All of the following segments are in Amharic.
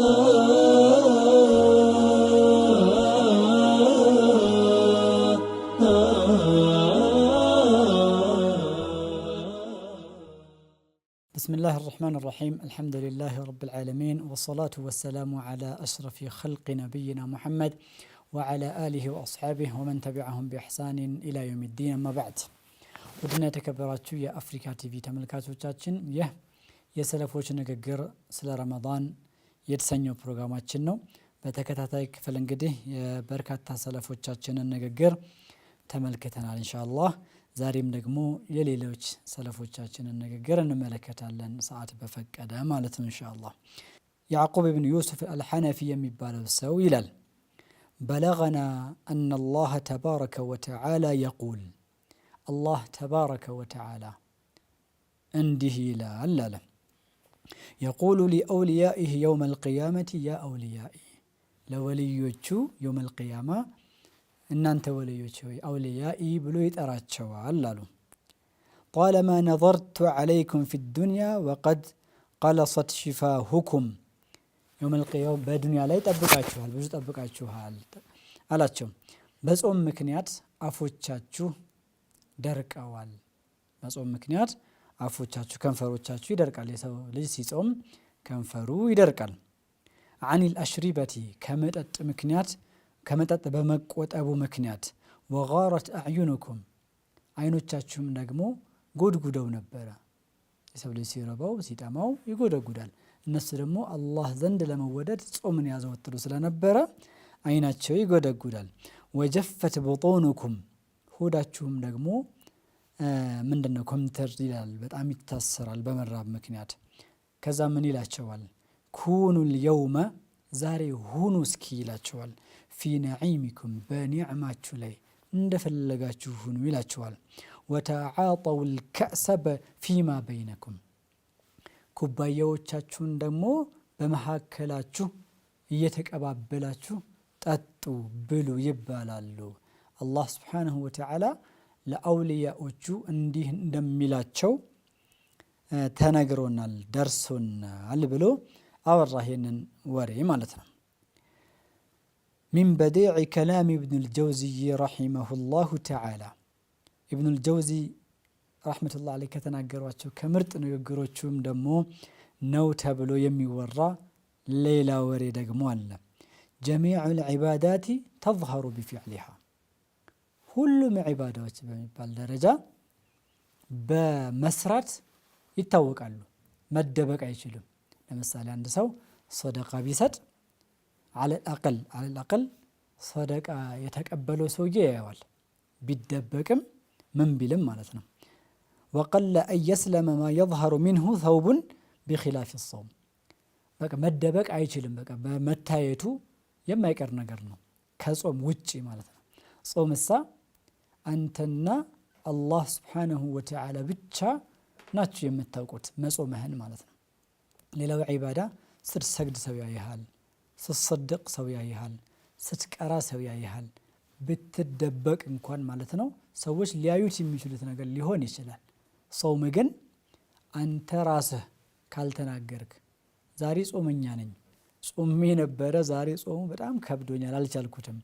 بسم الله الرحمن الرحيم الحمد لله رب العالمين والصلاة والسلام على أشرف خلق نبينا محمد وعلى آله وأصحابه ومن تبعهم بإحسان إلى يوم الدين أما بعد ውድና የተከበራችሁ የአፍሪካ تملكات وشاتشن ይህ የሰለፎች نقر سل رمضان የተሰኘው ፕሮግራማችን ነው። በተከታታይ ክፍል እንግዲህ የበርካታ ሰለፎቻችንን ንግግር ተመልክተናል። ኢንሻአላህ ዛሬም ደግሞ የሌሎች ሰለፎቻችንን ንግግር እንመለከታለን ሰዓት በፈቀደ ማለት ነው። ኢንሻአላህ ያዕቁብ ብን ዩሱፍ አልሐነፊ የሚባለው ሰው ይላል በለገና አነ አላህ ተባረከ ወተዓላ የቁል አላህ ተባረከ ወተዓላ እንዲህ ይላል አለ የቁሉ ሊአውልያኢህ የውም አልቅያመቲ ያ አውልያኢ ለወልዮቹ የውም አልቅያማ እናንተ ወልዮች ሆይ አውልያኢ ብሎ ይጠራቸዋል አሉ። ጣለማ ነظርቱ ዓለይኩም ፊ ዱንያ ወቀድ ቀለሰት ሽፋሁኩም የውም አልቅያው በዱንያ ላይ ጠብቃችኋል፣ ብዙ ጠብቃችኋል አላቸው። በጾም ምክንያት አፎቻችሁ ደርቀዋል። በጾም ምክንያት አፎቻችሁ ከንፈሮቻችሁ ይደርቃል። የሰው ልጅ ሲጾም ከንፈሩ ይደርቃል። አኒል አሽሪበቲ ከመጠጥ ምክንያት ከመጠጥ በመቆጠቡ ምክንያት ወጋረት አዕዩንኩም አይኖቻችሁም ደግሞ ጎድጉደው ነበረ። የሰው ልጅ ሲረባው ሲጠማው ይጎደጉዳል። እነሱ ደግሞ አላህ ዘንድ ለመወደድ ጾምን ያዘወትሩ ስለነበረ አይናቸው ይጎደጉዳል። ወጀፈት ቡጡኑኩም ሆዳችሁም ደግሞ ምንድነው ኮምፒውተር ይላል በጣም ይታሰራል በመራብ ምክንያት ከዛ ምን ይላቸዋል ኩኑል የውመ ዛሬ ሁኑ እስኪ ይላቸዋል ፊ ነዒሚኩም በኒዕማችሁ ላይ እንደፈለጋችሁ ሁኑ ይላቸዋል ወተዓጠው ልከእሰ ፊማ በይነኩም ኩባያዎቻችሁን ደግሞ በመካከላችሁ እየተቀባበላችሁ ጠጡ ብሉ ይባላሉ አላህ ስብሓንሁ ወተዓላ ለአውልያዎቹ እንዲህ እንደሚላቸው ተነግሮናል፣ ደርሶናል ብሎ አወራ ይሄንን ወሬ ማለት ነው። ሚን በዲዕ ከላም ኢብኑል ጀውዚይ ረሒመሁላሁ ተዓላ ኢብኑል ጀውዚ ረሕመቱላህ ዓለይህ ከተናገሯቸው ከምርጥ ንግግሮቹም ደግሞ ነው ተብሎ የሚወራ ሌላ ወሬ ደግሞ አለ። ጀሚዑል ዒባዳቲ ተዝሀሩ ቢፊዕሊሃ ሁሉም ዒባዳዎች በሚባል ደረጃ በመስራት ይታወቃሉ። መደበቅ አይችልም። ለምሳሌ አንድ ሰው ሶደቃ ቢሰጥ አለል አቅል ሶደቃ የተቀበለው ሰውዬ ያየዋል። ቢደበቅም ምን ቢልም ማለት ነው። ወቀለ እየስለመ ማ የظሀሩ ሚንሁ ሰውቡን ቢኪላፍ ሰውም በቃ መደበቅ አይችልም። በቃ በመታየቱ የማይቀር ነገር ነው፣ ከጾም ውጪ ማለት ነው። ጾም እሳ አንተና አላህ ስብሓነሁ ወተዓላ ብቻ ናችሁ የምታውቁት መጾምህን ማለት ነው። ሌላው ዒባዳ ስትሰግድ ሰው ያይሃል፣ ስትሰድቅ ሰው ያይሃል፣ ስትቀራ ሰው ያይሃል። ብትደበቅ እንኳን ማለት ነው ሰዎች ሊያዩት የሚችሉት ነገር ሊሆን ይችላል። ጾም ግን አንተ ራስህ ካልተናገርክ ዛሬ ጾመኛ ነኝ፣ ጾሜ ነበረ፣ ዛሬ ጾሙ በጣም ከብዶኛል፣ አልቻልኩትም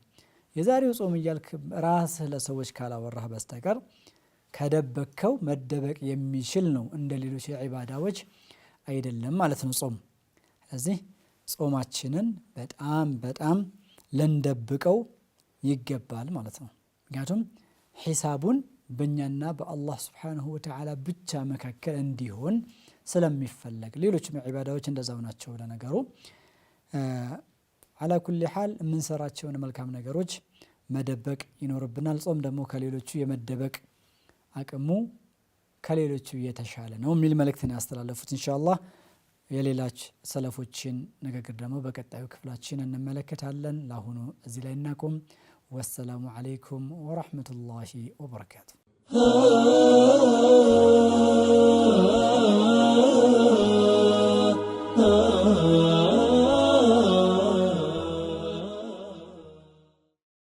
የዛሬው ጾም እያልክ ራስህ ለሰዎች ካላወራህ በስተቀር ከደበከው መደበቅ የሚችል ነው። እንደ ሌሎች የዒባዳዎች አይደለም ማለት ነው ጾም። ስለዚህ ጾማችንን በጣም በጣም ልንደብቀው ይገባል ማለት ነው። ምክንያቱም ሒሳቡን በእኛና በአላህ ስብሓንሁ ወተዓላ ብቻ መካከል እንዲሆን ስለሚፈለግ ሌሎችም ዒባዳዎች እንደዛው ናቸው ለነገሩ። አላኩል ሐል የምንሰራቸውን መልካም ነገሮች መደበቅ ይኖርብናል። ጾም ደግሞ ከሌሎቹ የመደበቅ አቅሙ ከሌሎቹ የተሻለ ነው የሚል መልእክትን ያስተላለፉት። ኢንሻአላህ የሌላች ሰለፎችን ንግግር ደግሞ በቀጣዩ ክፍላችን እንመለከታለን። ለአሁኑ እዚህ ላይ እናቁም። ወሰላሙ አለይኩም ወረህመቱላሂ ወበረካቱ።